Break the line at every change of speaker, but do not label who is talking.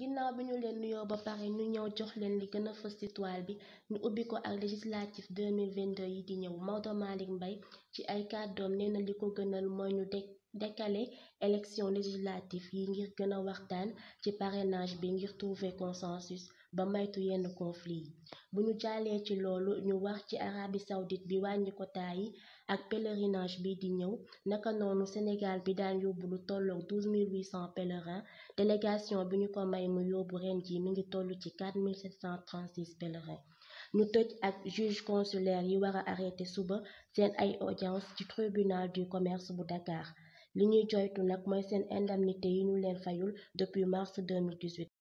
ginnaaw bi ñu leen nuyoo ba pare ñu ñëw jox leen li gën a fës ci toile bi ñu ubbi ko ak législatif 2022 yi di ñëw Maodo Malick mbay ci ay kàddoom nee na li ko gënal mooy ñu dekk décalé élection législative yi ngir gëna waxtaan ci parrainage bi ngir trouver consensus ba maytu yenn conflit bu ñu jàllee ci loolu ñu wax ci arabie saoudite bi wàññi quota ak pèlerinage bi di ñëw naka noonu Sénégal bi daan yóbbu lu tolloog 12800 pèlerins délégation bi ñu ko may mu yóbbu ren ji mi ngi toll ci 4736 pèlerins ñu tëj ak juge consulaire yi war a arrêté suba seen ay audience ci tribunal du commerce bu Dakar li ñuy joytu nag mooy seen indemnité yi ñu leen
fayul depuis mars 2018